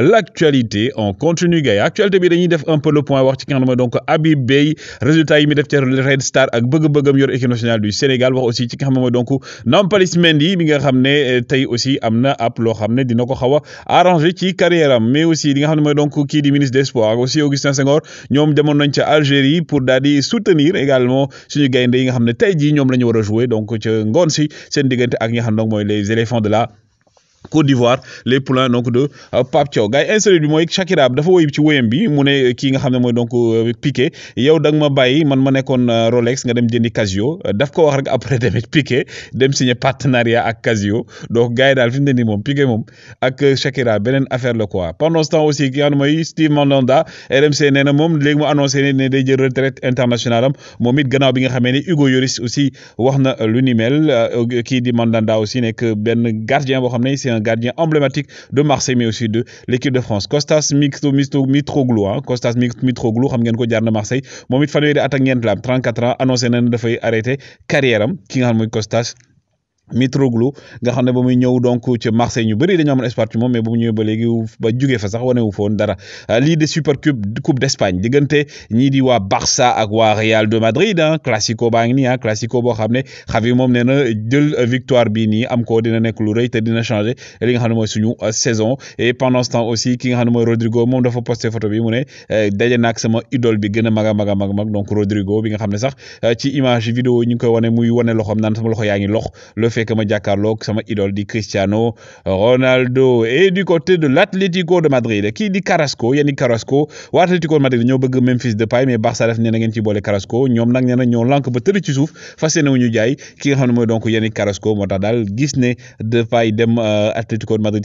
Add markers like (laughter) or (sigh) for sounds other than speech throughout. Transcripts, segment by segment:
l'actualité on continue gars actualité bi dañuy def un peu le point wax ci ki nga donc Habib Beye résultat yi mi def ci Red Star ak bëgg-bëggam yor équipe nationale du Sénégal wax aussi ci ki nga donc Nampalis Mendy mi nga xamné euh, tay aussi amna app lo xamné xam ne dina ko arrangé ci carrière am mais aussi li nga xamné donc ki di ministre des sports aussi Augustin Senghor ñom demoon nañ ci Algérie pour daal di soutenir également suñu gaynde yi nga xamné tay ji ñom lañu wara jouer donc ci ngoon si seen diggante ak ñi nga xam ne moy les éléphants de la Côte d'Ivoire les poulains donc de euh, Pape Thiaw gars yi mooy Shakira dafa woy bi mu ne kii nga xam ne mooy donc euh, Piqué yow da nga ma bàyyi man ma nekkoon euh, Rolex nga dem jëndi Casio daf ko wax rek après (laughs) tamit Piqué dem signé partenariat ak Casio donc gars yi daal fi mu ne moom Piqué moom ak Shakira beneen affaire la quoi pendant ce temps aussi ki nga xam ne mooy RMC nee moom léegi mu annoncé ne day jël retraite internationale am moom it gannaaw bi nga xamee ne Hugo Lloris aussi wax na ni mel kii di Mandanda aussi nekk benn gardien boo xam ne un gardien emblématique de Marseille mais aussi de l'équipe de France Costas Mitroglou Costas hein. Kostas Mitroglou xam ngeen ko jaar de Marseille Il a de 34 ans annoncé nañ fay arrêté carrière am ki nga xam moy Mitroglou nga xam ne ba muy ñëw donc ci Marseille ñu bëri dañoo amoon espoir ci moom mais bu mu ñëwee ba léegi ba jugee fa sax wane wu foon dara euh, lii de super coupe coupe d' Espagne diggante ñii di waa Barça ak waa Real de Madrid ah classico baa ngi nii ah classico boo xam ne Xavi moom nee na jël victoire bii nii am ko dina nekk lu rëy te dina changer li nga xam ne mooy suñu euh, saison et pendant ce temps aussi ki nga xam ne mooy Rodrigo moom dafa posté photo bi mu ne euh, daje naag sama idole bi gën a mag a mag mag donc Rodrigo bi nga xam ne sax ci image vidéo ñu ngi koy wane muy wane loxoom naan sama loxo yaa ngi lox Comme ma jàkkaarloog comme idole Cristiano Ronaldo et du côté de l'Atlético de Madrid qui dit Carrasco Yannick Carrasco ou Atlético de Madrid bëgg Memphis Depay mais Barça def avons que Carrasco nous avons que ba que ci suuf que que Carrasco euh, de Madrid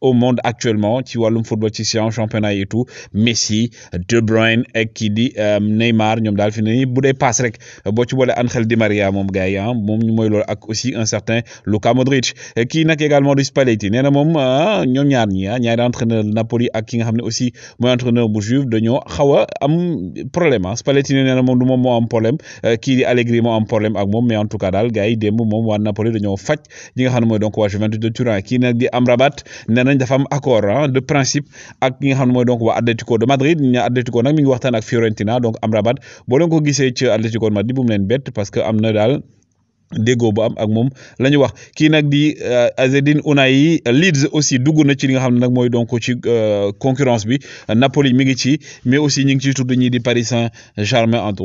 au monde actuellement tu vois le football ci en championnat et tout Messi De Bruyne et qui di euh, Neymar nous sommes dans le final rek bo ci bolé Angel Di Maria mom gars yi ah, mom ñu ak aussi un certain Luka Modric qui nak également du Spalletti nee mom ah, ñom ñaar ñi ah ñaari entraîneur Napoli ak ki nga aussi moy entraîneur bu Juve dañoo xawa am problème ah, Spalletti nee mom du moment en am problème qui euh, di Allegri mo am problème ak mom mais en tout cas dal gars demb mom Napoli dañoo fajj ñi nga xamné moy donc wa Juventus de Turin qui nak di Amrabat Rabat nañ dafa am accord ah, de principe ak ki nga xam ne mooy donc waa Atletico de Madrid ña Atlético nag mi ngi waxtaan ak Fiorentina donc Amrabat boo leen ko gisee ci Atletico de Madrid bu mu leen bett parce que am na dégo bu am ak moom la ñu wax kii nag di euh, Azzedine Ounahi Leeds aussi dugg na ci li nga xam ne nag mooy donc ci euh, concurrence bi Napoli mi ngi ci mais aussi ñi ngi ciy tudd di Paris Saint-Germain ah. ci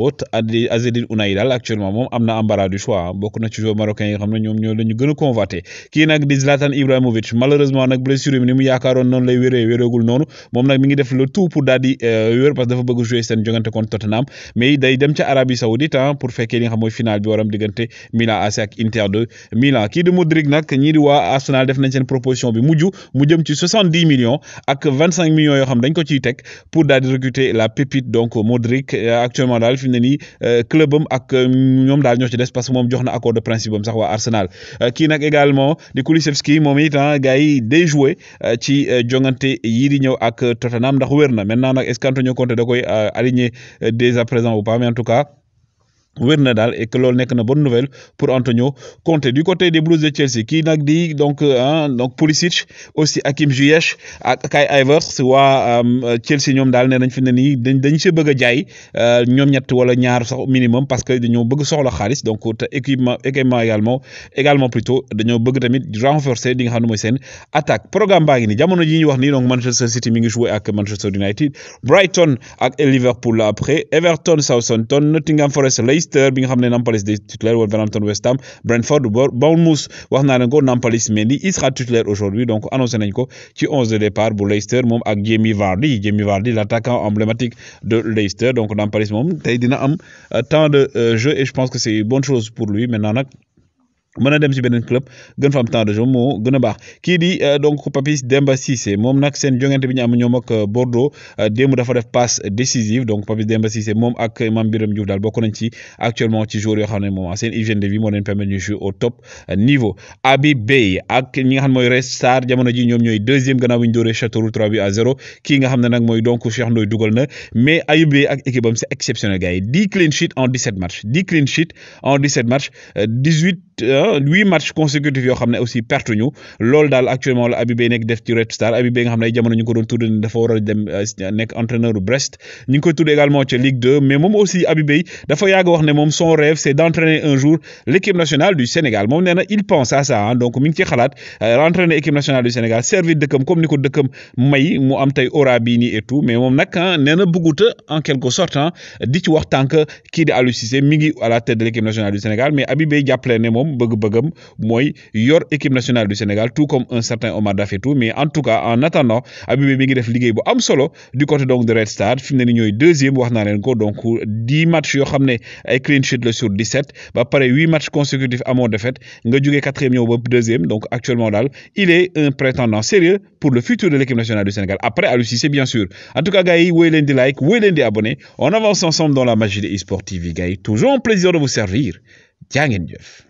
joueur marocain yi nga xam ne ñoom ñoo a convoité kii nag di Zlatan Ibrahimovic malheureusement nag blessure bi ni mu yaakaaroon noonu lay wéree wéreegul noonu moom nag mi ngi def le tout pour daal di euh, wér parce mais day dem ca Arabie Saoudite ah, pour fekkee li nga xam final bi waram diggante Milan Milan Inter de Milan qui de Modric nak ñi di wa Arsenal def nañ proposition bi muju mu jëm ci millions ak 25 millions yo xam dañ ko pour dal recruter la pépite donc Modric euh, actuellement dans fi ni clubum euh, club et ak euh, ñom dal ñoo ci parce que accord de principe sax Arsenal qui nak également di Kulisevski momita hein, Gaï déjoué qui joué ci jongante yi di ñew ak Tottenham ndax wér maintenant est-ce qu'Antonio compte Conte da koy dès à présent ou pas mais en tout cas wér na et que loolu nekk na bonne nouvelle pour Antonio Conte du côté des Blues de Chelsea kii nag di donc hein, donc Pulisic aussi Hakim Ziyech ak Kai Havertz waa Chelsea ñoom daal nee nañ fi ne nii dañ dañ si bëgg a jaay euh, ñoom ñett wala ñaar sax minimum parce que dañoo bëgg soxla xaalis donc te équipement également également plutôt dañoo bëgg tamit renforcer li nga xam ne mooy seen attaque programme baa ngi nii jamono ji wax nii donc Manchester City mi ngi joué ak Manchester United Brighton ak Liverpool après Everton Southampton Nottingham Forest Leeds Leicester bi nga xam ne Nampalys de Wolverhampton West Ham Brentford Bournemouth wax naa leen ko Nampalis Mendy il sera titulaire aujourd'hui donc annoncé nañ ko ci onze de départ bu Leicester moom ak Jamie Vardy Jamie Vardy l'attaquant emblématique de Leicester donc Nampalis moom tey dina am euh, temps de euh, jeu et je pense que c'est une bonne chose pour lui maintenant nag mën a dem ci beneen club gën fa am temps de jeu moo gën a baax kii di euh, donc Papis Demba Cissé moom nag seen jongante bi ñu am ñoom ak euh, Bordeaux euh, démb dafa def passe décisive donc Papis Demba Cissé moom ak Mame Birame Diouf daal bokk nañ ci actuellement ci joueurs yoo xam ne moom seen hygiène de vie moo leen permettre ñu jouer au top niveau abi bey ak ñi nga xam ne mooy Red Star jamono ji ñoom ñooy deuxième gannaaw bi ñu dóoree château 3 bi à 0 kii nga xam ne nag mooy donc Cheikh Ndoye dugal na mais Habib bey ak équipe am c'est exceptionnel gars yi 10 clean sheet en 17 matchs 10 clean sheet en 17 matchs 18 la huit match consécutifs yoo xam ne aussi perte ñu loolu daal actuellement la Abibé Beye nekk def ci Red Star Abibé nga xam ne ay jamono ñu ko doon tudd ne dafa war a dem euh, nekk entraîneur Brest ñu ngi ko tudd également ci Ligue 2 mais moom aussi Abibé, dafa yàgg wax ne moom son rêve c'est d'entraîner un jour l'équipe nationale du Sénégal moom nee na il pense à ça hein. donc mi ngi ci xalaat euh, entraîner équipe nationale du Sénégal servir dëkkam comme ni ko dëkkam may mu am tey aura bii nii et tout mais moom nag ah nee na bëgguta en quelque sorte hein, di ci wax tànk kii di Aliou Cissé mi ngi à la tête de l'équipe nationale du Sénégal mais Abibé Beye jàppale ne moom bëgg bëggam mooy yor équipe nationale du Sénégal tout comme un certain Omar tout, mais en tout cas en attendant abibé mi ngi def liggéey bu am solo du côté donc de Red Star fi mu ne ni ñooy deuxième wax naa leen ko donc 10 matchs yoo xam ne ay clean sheet sur 17 ba pare 8 matchs consécutifs amoo défaite nga jógee quatrième ñëw ba deuxième donc actuellement il est un prétendant sérieux pour le futur de l'équipe nationale du Sénégal après Aliou c'est bien sûr en tout cas gars yi wooy leen di like wooy leen di abonné on avance ensemble dans la magie de eSport TV gars yi toujours un plaisir de vous servir jaa ngeen jëf